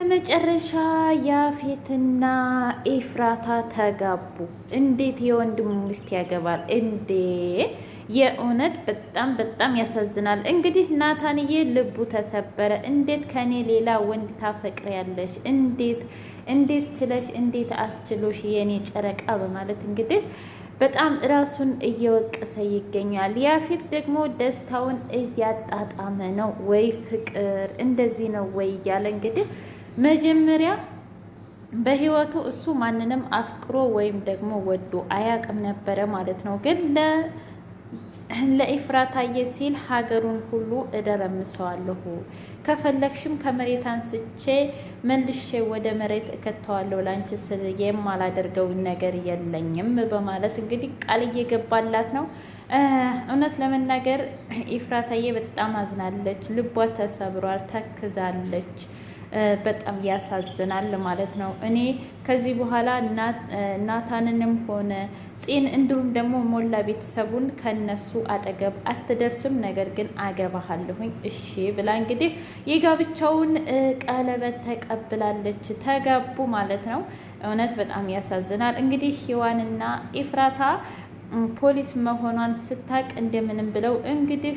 በመጨረሻ ያፌትና ኤፍራታ ተጋቡ። እንዴት የወንድሙ ሚስት ያገባል እንዴ? የእውነት በጣም በጣም ያሳዝናል። እንግዲህ ናታንዬ ልቡ ተሰበረ። እንዴት ከኔ ሌላ ወንድ ታፈቅሪያለሽ? እንዴት እንዴት ችለሽ እንዴት አስችሎሽ የኔ ጨረቃ በማለት እንግዲህ በጣም ራሱን እየወቀሰ ይገኛል። ያፌት ደግሞ ደስታውን እያጣጣመ ነው። ወይ ፍቅር እንደዚህ ነው ወይ እያለ እንግዲህ መጀመሪያ በህይወቱ እሱ ማንንም አፍቅሮ ወይም ደግሞ ወዶ አያውቅም ነበረ ማለት ነው። ግን ለኢፍራታዬ ሲል ሀገሩን ሁሉ እደረምሰዋለሁ፣ ከፈለግሽም ከመሬት አንስቼ መልሼ ወደ መሬት እከተዋለሁ፣ ላንቺ ስል የማላደርገውን ነገር የለኝም በማለት እንግዲህ ቃል እየገባላት ነው። እውነት ለመናገር ኢፍራታዬ በጣም አዝናለች፣ ልቧ ተሰብሯል፣ ተክዛለች። በጣም ያሳዝናል ማለት ነው። እኔ ከዚህ በኋላ ናታንንም ሆነ ፂን እንዲሁም ደግሞ ሞላ ቤተሰቡን ከነሱ አጠገብ አትደርስም፣ ነገር ግን አገባሃለሁኝ እሺ ብላ እንግዲህ የጋብቻውን ቀለበት ተቀብላለች። ተጋቡ ማለት ነው። እውነት በጣም ያሳዝናል። እንግዲህ ሂዋንና ኤፍራታ ፖሊስ መሆኗን ስታቅ እንደምንም ብለው እንግዲህ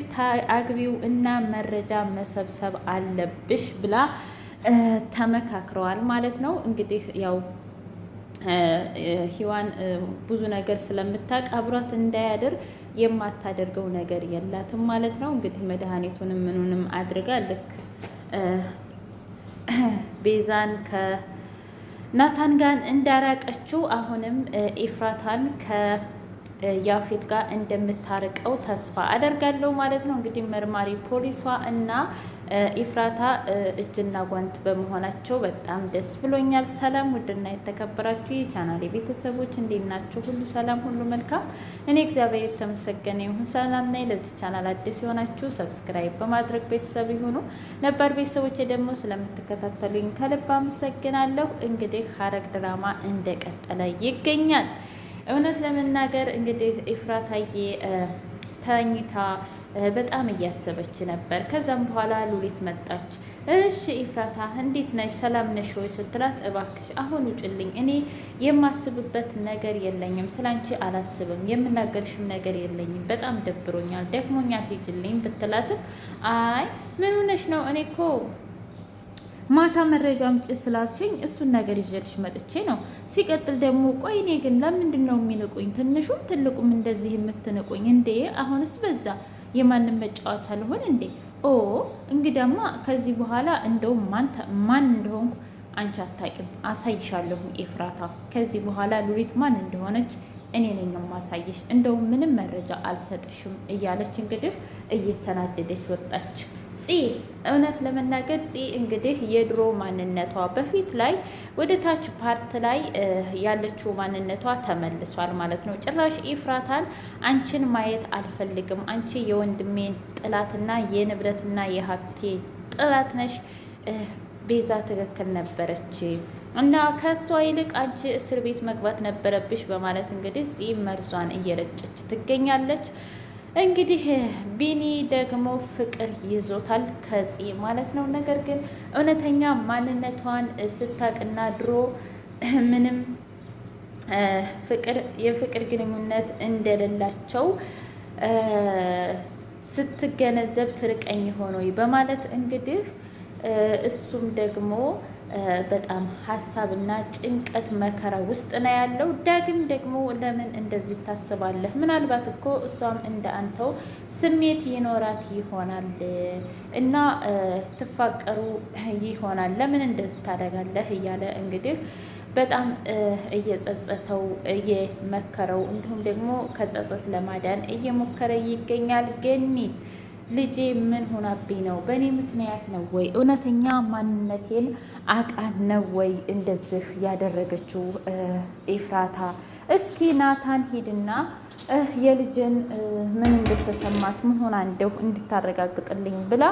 አግቢው እና መረጃ መሰብሰብ አለብሽ ብላ ተመካክረዋል ማለት ነው። እንግዲህ ያው ሂዋን ብዙ ነገር ስለምታውቅ አብሯት እንዳያድር የማታደርገው ነገር የላትም ማለት ነው። እንግዲህ መድኃኒቱንም ምኑንም አድርጋ ልክ ቤዛን ከናታን ጋር እንዳራቀችው አሁንም ኤፍራታን ከያፌት ጋር እንደምታርቀው ተስፋ አደርጋለሁ ማለት ነው። እንግዲህ መርማሪ ፖሊሷ እና ኢፍራታ እጅና ጓንት በመሆናቸው በጣም ደስ ብሎኛል። ሰላም ውድና የተከበራችሁ የቻናል ቤተሰቦች እንዴት ሁሉ ሰላም፣ ሁሉ መልካም። እኔ እግዚአብሔር የተመሰገነ ይሁን ሰላም ነኝ። ለዚህ ቻናል አዲስ የሆናችሁ ሰብስክራይብ በማድረግ ቤተሰብ ይሁኑ። ነባር ቤተሰቦች ደግሞ ስለምትከታተሉኝ ከልብ አመሰግናለሁ። እንግዲህ ሐረግ ድራማ እንደቀጠለ ይገኛል። እውነት ለመናገር እንግዲህ ኢፍራታዬ ተኝታ በጣም እያሰበች ነበር። ከዛም በኋላ ሉሊት መጣች። እሺ ኢፍራታ እንዴት ነሽ? ሰላም ነሽ ወይ ስትላት፣ እባክሽ አሁን ውጭልኝ፣ እኔ የማስብበት ነገር የለኝም፣ ስላንቺ አላስብም፣ የምናገርሽም ነገር የለኝም፣ በጣም ደብሮኛል፣ ደክሞኛል፣ ሂጅልኝ ብትላትም አይ ምን ሆነሽ ነው? እኔ እኮ ማታ መረጃ አምጪ ስላልሽኝ እሱን ነገር ይዤልሽ መጥቼ ነው። ሲቀጥል ደግሞ ቆይ እኔ ግን ለምንድን ነው የሚንቁኝ? ትንሹም ትልቁም እንደዚህ የምትንቁኝ እንዴ? አሁንስ በዛ የማንም መጫወት አልሆን እንዴ? ኦ እንግዳማ ከዚህ በኋላ እንደውም ማን እንደሆንኩ አንቺ አታውቂም፣ አሳይሻለሁ ኤፍራታ። ከዚህ በኋላ ሉሊት ማን እንደሆነች እኔ ነኝ የማሳየሽ፣ እንደውም ምንም መረጃ አልሰጥሽም እያለች እንግዲህ እየተናደደች ወጣች። ፂ እውነት ለመናገር ፂ እንግዲህ የድሮ ማንነቷ በፊት ላይ ወደ ታች ፓርት ላይ ያለችው ማንነቷ ተመልሷል ማለት ነው። ጭራሽ ኢፍራታን አንቺን ማየት አልፈልግም፣ አንቺ የወንድሜን ጥላትና የንብረትና የሀብቴ ጥላት ነሽ። ቤዛ ትክክል ነበረች እና ከእሷ ይልቅ አንቺ እስር ቤት መግባት ነበረብሽ በማለት እንግዲህ ፂ መርዟን እየረጨች ትገኛለች። እንግዲህ ቢኒ ደግሞ ፍቅር ይዞታል ከፂ ማለት ነው። ነገር ግን እውነተኛ ማንነቷን ስታቅና ድሮ ምንም ፍቅር የፍቅር ግንኙነት እንደሌላቸው ስትገነዘብ ትርቀኝ ሆኖ በማለት እንግዲህ እሱም ደግሞ በጣም ሀሳብና ጭንቀት መከራ ውስጥ ነው ያለው። ዳግም ደግሞ ለምን እንደዚህ ታስባለህ? ምናልባት እኮ እሷም እንደ አንተው ስሜት ይኖራት ይሆናል እና ትፋቀሩ ይሆናል። ለምን እንደዚህ ታደርጋለህ? እያለ እንግዲህ በጣም እየጸጸተው እየመከረው እንዲሁም ደግሞ ከጸጸት ለማዳን እየሞከረ ይገኛል ገኒ ልጄ ምን ሆናብኝ ነው? በእኔ ምክንያት ነው ወይ? እውነተኛ ማንነቴን አቃ ነው ወይ እንደዚህ ያደረገችው ኤፍራታ? እስኪ ናታን ሂድና የልጅን ምን እንደተሰማት ምን ሆና እንደው እንድታረጋግጥልኝ ብላ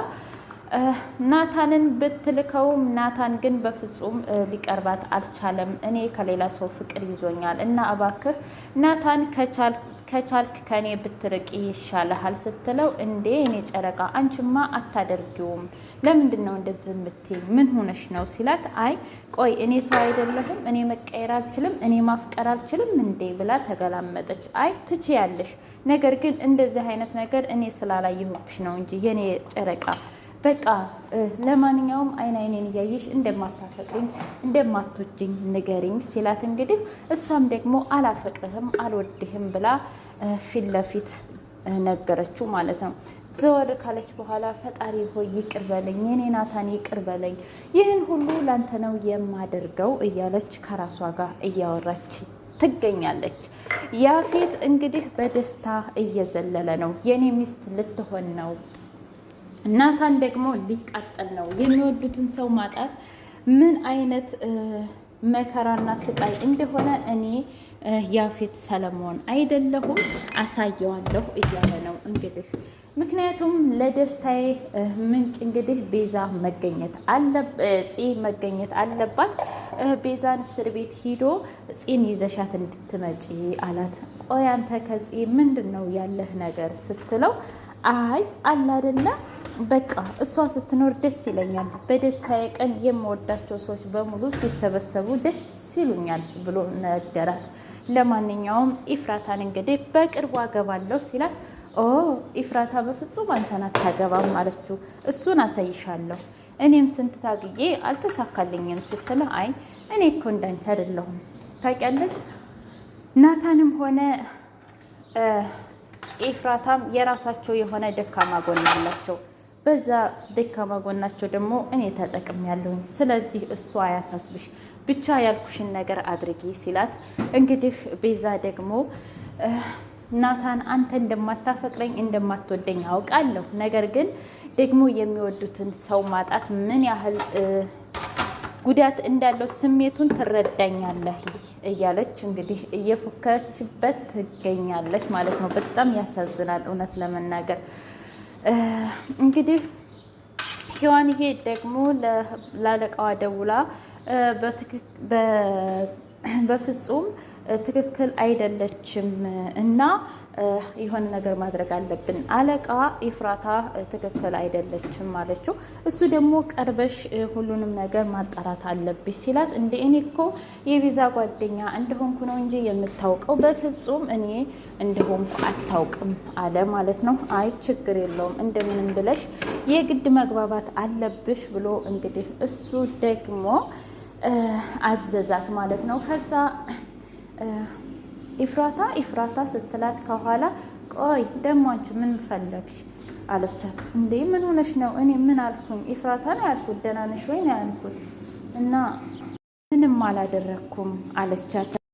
ናታንን ብትልከውም ናታን ግን በፍጹም ሊቀርባት አልቻለም። እኔ ከሌላ ሰው ፍቅር ይዞኛል እና እባክህ ናታን ከቻል ከቻልክ ከኔ ብትርቅ ይሻልሃል ስትለው፣ እንዴ እኔ ጨረቃ አንቺማ አታደርጊውም፣ ለምንድን ነው እንደዚህ የምትይኝ? ምን ሆነሽ ነው ሲላት፣ አይ ቆይ እኔ ሰው አይደለሁም? እኔ መቀየር አልችልም? እኔ ማፍቀር አልችልም እንዴ ብላ ተገላመጠች። አይ ትችያለሽ፣ ነገር ግን እንደዚህ አይነት ነገር እኔ ስላላየሁብሽ ነው እንጂ የኔ ጨረቃ በቃ ለማንኛውም አይን አይኔን እያየሽ እንደማታፈቅሪኝ እንደማትወጅኝ ንገሪኝ ሲላት እንግዲህ እሷም ደግሞ አላፈቅርህም አልወድህም ብላ ፊት ለፊት ነገረችው ማለት ነው። ዘወር ካለች በኋላ ፈጣሪ ሆይ ይቅር በለኝ፣ የኔ ናታን ይቅር በለኝ፣ ይህን ሁሉ ላንተ ነው የማደርገው እያለች ከራሷ ጋር እያወራች ትገኛለች። ያፌት እንግዲህ በደስታ እየዘለለ ነው። የኔ ሚስት ልትሆን ነው ናታን ደግሞ ሊቃጠል ነው። የሚወዱትን ሰው ማጣት ምን አይነት መከራና ስቃይ እንደሆነ እኔ ያፌት ሰለሞን አይደለሁም አሳየዋለሁ እያለ ነው እንግዲህ። ምክንያቱም ለደስታዬ ምንጭ እንግዲህ ቤዛ መገኘት ፂ መገኘት አለባት። ቤዛን እስር ቤት ሂዶ ፂን ይዘሻት እንድትመጪ አላት። ቆይ አንተ ከፂ ምንድን ነው ያለህ ነገር ስትለው አይ አላደለ በቃ እሷ ስትኖር ደስ ይለኛል፣ በደስታዬ ቀን የምወዳቸው ሰዎች በሙሉ ሲሰበሰቡ ደስ ይሉኛል ብሎ ነገራት። ለማንኛውም ኢፍራታን እንግዲህ በቅርቡ አገባለሁ ሲላት ኦ ኢፍራታ በፍጹም አንተን አታገባም አለችው። እሱን አሳይሻለሁ እኔም ስንት ታግዬ አልተሳካልኝም ስትለ አይ እኔ እኮ እንዳንቺ አይደለሁም ታውቂያለሽ። ናታንም ሆነ ኤፍራታም የራሳቸው የሆነ ደካማ ጎን አላቸው። በዛ ደካማ ጎናቸው ደግሞ እኔ ተጠቅም ያለውኝ። ስለዚህ እሱ አያሳስብሽ፣ ብቻ ያልኩሽን ነገር አድርጊ ሲላት እንግዲህ ቤዛ ደግሞ ናታን አንተ እንደማታፈቅረኝ እንደማትወደኝ አውቃለሁ፣ ነገር ግን ደግሞ የሚወዱትን ሰው ማጣት ምን ያህል ጉዳት እንዳለው ስሜቱን ትረዳኛለህ እያለች እንግዲህ እየፎከረችበት ትገኛለች ማለት ነው። በጣም ያሳዝናል እውነት ለመናገር እንግዲህ ሔዋንዬ ደግሞ ላለቃዋ ደውላ በፍጹም ትክክል አይደለችም እና የሆነ ነገር ማድረግ አለብን። አለቃ ኤፍራታ ትክክል አይደለችም አለችው። እሱ ደግሞ ቀርበሽ ሁሉንም ነገር ማጣራት አለብሽ ሲላት፣ እንደ እኔ እኮ የቪዛ ጓደኛ እንደሆንኩ ነው እንጂ የምታውቀው በፍጹም እኔ እንደሆንኩ አታውቅም አለ ማለት ነው። አይ ችግር የለውም እንደምንም ብለሽ የግድ መግባባት አለብሽ ብሎ እንግዲህ እሱ ደግሞ አዘዛት ማለት ነው ከዛ ኢፍራታ ኢፍራታ ስትላት ከኋላ ቆይ ደግሞ አንቺ ምን ፈለግሽ አለቻት። እንዴ ምን ሆነሽ ነው? እኔ ምን አልኩኝ? ኢፍራታ ነው ያልኩት። ደህና ነሽ ወይ ነው ያልኩት እና ምንም አላደረግኩም አለቻት።